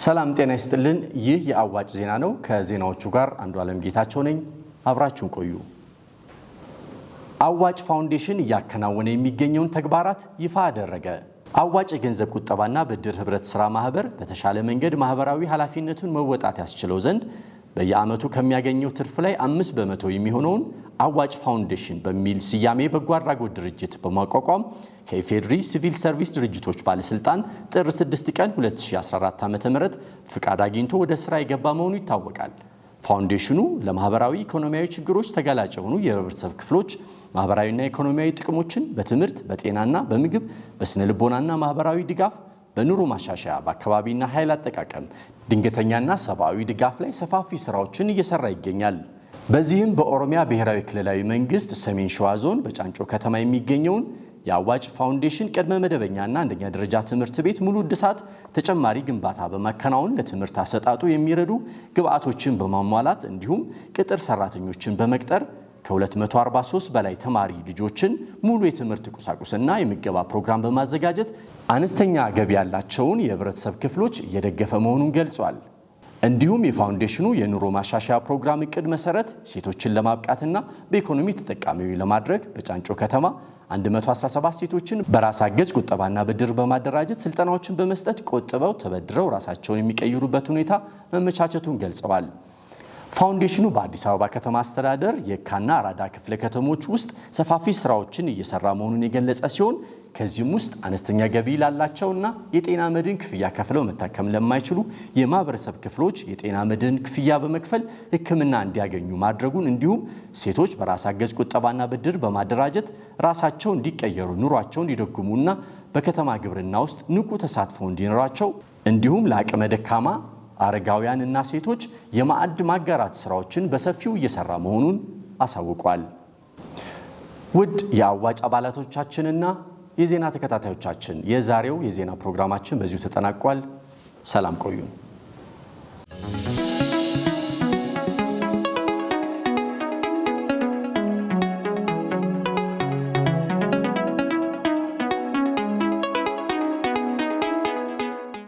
ሰላም ጤና ይስጥልን። ይህ የአዋጭ ዜና ነው። ከዜናዎቹ ጋር አንዱ ዓለም ጌታቸው ነኝ። አብራችሁን ቆዩ። አዋጭ ፋውንዴሽን እያከናወነ የሚገኘውን ተግባራት ይፋ አደረገ። አዋጭ የገንዘብ ቁጠባና ብድር ህብረት ሥራ ማህበር በተሻለ መንገድ ማህበራዊ ኃላፊነቱን መወጣት ያስችለው ዘንድ በየዓመቱ ከሚያገኘው ትርፍ ላይ አምስት በመቶ የሚሆነውን አዋጭ ፋውንዴሽን በሚል ስያሜ በጎ አድራጎት ድርጅት በማቋቋም ከኢፌድሪ ሲቪል ሰርቪስ ድርጅቶች ባለስልጣን ጥር 6 ቀን 2014 ዓ ም ፍቃድ አግኝቶ ወደ ስራ የገባ መሆኑ ይታወቃል። ፋውንዴሽኑ ለማህበራዊ ኢኮኖሚያዊ ችግሮች ተጋላጭ የሆኑ የህብረተሰብ ክፍሎች ማህበራዊና ኢኮኖሚያዊ ጥቅሞችን በትምህርት፣ በጤናና በምግብ፣ በስነ ልቦናና ማህበራዊ ድጋፍ፣ በኑሮ ማሻሻያ፣ በአካባቢና ኃይል አጠቃቀም ድንገተኛና ሰብአዊ ድጋፍ ላይ ሰፋፊ ስራዎችን እየሰራ ይገኛል። በዚህም በኦሮሚያ ብሔራዊ ክልላዊ መንግስት ሰሜን ሸዋ ዞን በጫንጮ ከተማ የሚገኘውን የአዋጭ ፋውንዴሽን ቅድመ መደበኛና አንደኛ ደረጃ ትምህርት ቤት ሙሉ እድሳት ተጨማሪ ግንባታ በማከናወን ለትምህርት አሰጣጡ የሚረዱ ግብዓቶችን በማሟላት እንዲሁም ቅጥር ሰራተኞችን በመቅጠር ከ243 በላይ ተማሪ ልጆችን ሙሉ የትምህርት ቁሳቁስና የምገባ ፕሮግራም በማዘጋጀት አነስተኛ ገቢ ያላቸውን የህብረተሰብ ክፍሎች እየደገፈ መሆኑን ገልጿል። እንዲሁም የፋውንዴሽኑ የኑሮ ማሻሻያ ፕሮግራም እቅድ መሰረት ሴቶችን ለማብቃትና በኢኮኖሚ ተጠቃሚ ለማድረግ በጫንጮ ከተማ 117 ሴቶችን በራስ አገዝ ቁጠባና ብድር በማደራጀት ስልጠናዎችን በመስጠት ቆጥበው ተበድረው ራሳቸውን የሚቀይሩበት ሁኔታ መመቻቸቱን ገልጸዋል። ፋውንዴሽኑ በአዲስ አበባ ከተማ አስተዳደር የካና አራዳ ክፍለ ከተሞች ውስጥ ሰፋፊ ስራዎችን እየሰራ መሆኑን የገለጸ ሲሆን ከዚህም ውስጥ አነስተኛ ገቢ ላላቸውና የጤና መድን ክፍያ ከፍለው መታከም ለማይችሉ የማህበረሰብ ክፍሎች የጤና መድን ክፍያ በመክፈል ሕክምና እንዲያገኙ ማድረጉን እንዲሁም ሴቶች በራስ አገዝ ቁጠባና ብድር በማደራጀት ራሳቸው እንዲቀየሩ፣ ኑሯቸውን እንዲደጉሙና በከተማ ግብርና ውስጥ ንቁ ተሳትፎ እንዲኖራቸው እንዲሁም ለአቅመ ደካማ አረጋውያንና ሴቶች የማዕድ ማጋራት ስራዎችን በሰፊው እየሰራ መሆኑን አሳውቋል። ውድ የአዋጭ አባላቶቻችንና የዜና ተከታታዮቻችን የዛሬው የዜና ፕሮግራማችን በዚሁ ተጠናቋል። ሰላም ቆዩ።